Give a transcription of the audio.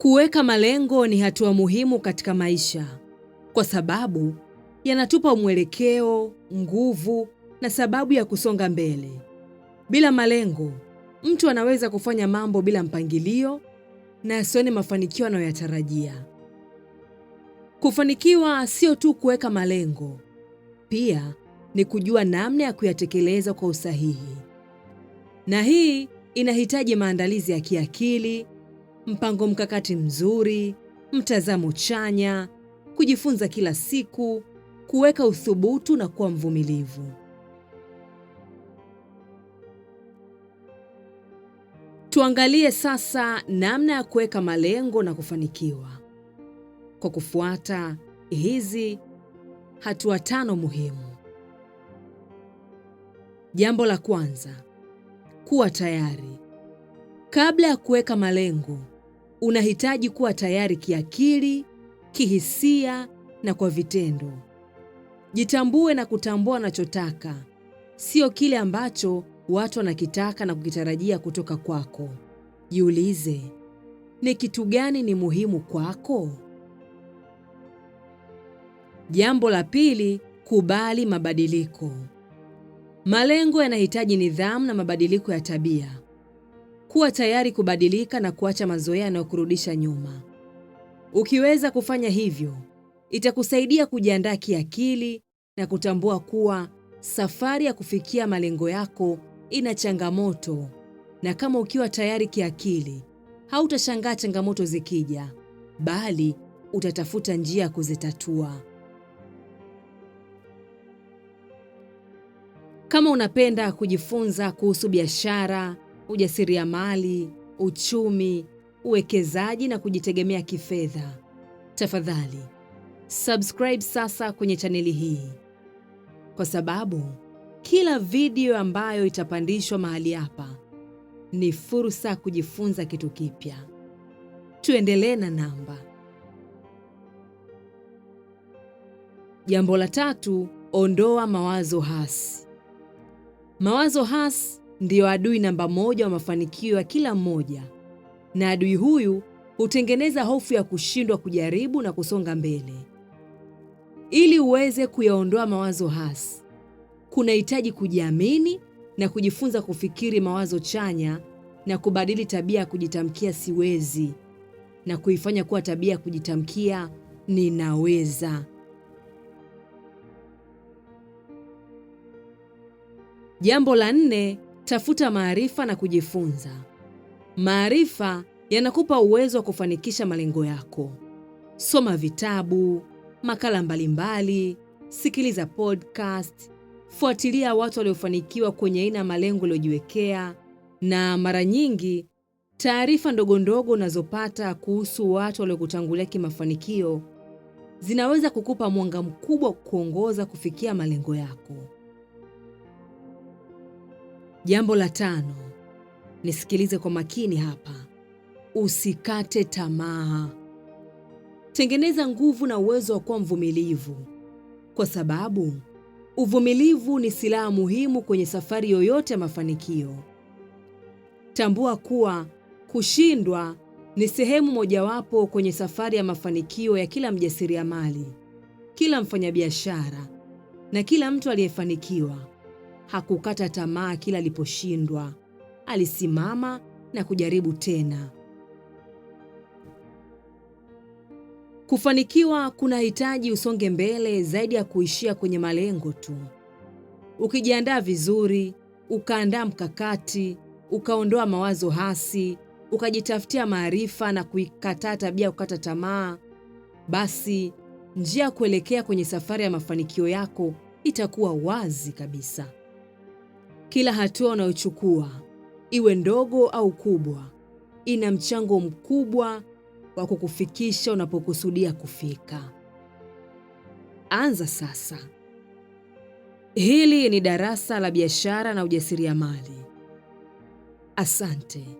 Kuweka malengo ni hatua muhimu katika maisha kwa sababu yanatupa mwelekeo, nguvu na sababu ya kusonga mbele. Bila malengo, mtu anaweza kufanya mambo bila mpangilio na asione mafanikio anayoyatarajia. Kufanikiwa sio tu kuweka malengo, pia ni kujua namna ya kuyatekeleza kwa usahihi, na hii inahitaji maandalizi ya kiakili, mpango mkakati mzuri, mtazamo chanya, kujifunza kila siku, kuweka uthubutu na kuwa mvumilivu. Tuangalie sasa namna ya kuweka malengo na kufanikiwa kwa kufuata hizi hatua tano muhimu. Jambo la kwanza, kuwa tayari. Kabla ya kuweka malengo, Unahitaji kuwa tayari kiakili, kihisia na kwa vitendo. Jitambue na kutambua unachotaka, sio kile ambacho watu wanakitaka na kukitarajia kutoka kwako. Jiulize, ni kitu gani ni muhimu kwako? Jambo la pili, kubali mabadiliko. Malengo yanahitaji nidhamu na mabadiliko ya tabia. Kuwa tayari kubadilika na kuacha mazoea yanayokurudisha nyuma. Ukiweza kufanya hivyo, itakusaidia kujiandaa kiakili na kutambua kuwa safari ya kufikia malengo yako ina changamoto, na kama ukiwa tayari kiakili, hautashangaa changamoto zikija, bali utatafuta njia ya kuzitatua. Kama unapenda kujifunza kuhusu biashara ujasiriamali, uchumi, uwekezaji na kujitegemea kifedha. Tafadhali subscribe sasa kwenye chaneli hii, kwa sababu kila video ambayo itapandishwa mahali hapa ni fursa ya kujifunza kitu kipya. Tuendelee na namba. Jambo la tatu, ondoa mawazo hasi. Mawazo hasi ndiyo adui namba moja wa mafanikio ya kila mmoja, na adui huyu hutengeneza hofu ya kushindwa kujaribu na kusonga mbele. Ili uweze kuyaondoa mawazo hasi, kunahitaji kujiamini na kujifunza kufikiri mawazo chanya na kubadili tabia ya kujitamkia siwezi na kuifanya kuwa tabia ya kujitamkia ninaweza. Jambo la nne tafuta maarifa na kujifunza. Maarifa yanakupa uwezo wa kufanikisha malengo yako. Soma vitabu, makala mbalimbali, sikiliza podcast, fuatilia watu waliofanikiwa kwenye aina ya malengo uliojiwekea, na mara nyingi taarifa ndogo ndogo unazopata kuhusu watu waliokutangulia kimafanikio zinaweza kukupa mwanga mkubwa kuongoza kufikia malengo yako. Jambo la tano, nisikilize kwa makini hapa, usikate tamaa. Tengeneza nguvu na uwezo wa kuwa mvumilivu, kwa sababu uvumilivu ni silaha muhimu kwenye safari yoyote ya mafanikio. Tambua kuwa kushindwa ni sehemu mojawapo kwenye safari ya mafanikio ya kila mjasiriamali, kila mfanyabiashara na kila mtu aliyefanikiwa hakukata tamaa kila aliposhindwa. Alisimama na kujaribu tena. Kufanikiwa kunahitaji usonge mbele zaidi ya kuishia kwenye malengo tu. Ukijiandaa vizuri, ukaandaa mkakati, ukaondoa mawazo hasi, ukajitafutia maarifa na kuikataa tabia ya kukata tamaa, basi njia ya kuelekea kwenye safari ya mafanikio yako itakuwa wazi kabisa. Kila hatua unayochukua iwe ndogo au kubwa, ina mchango mkubwa wa kukufikisha unapokusudia kufika. Anza sasa. Hili ni darasa la biashara na ujasiriamali. Asante.